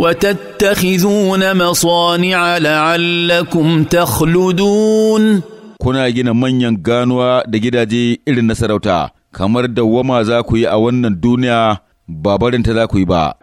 وتتخذون مصانع لعلكم تخلدون kuna gina manyan ganuwa da gidaje irin na sarauta kamar dawwama za ku yi a wannan duniya ba barinta za ku yi ba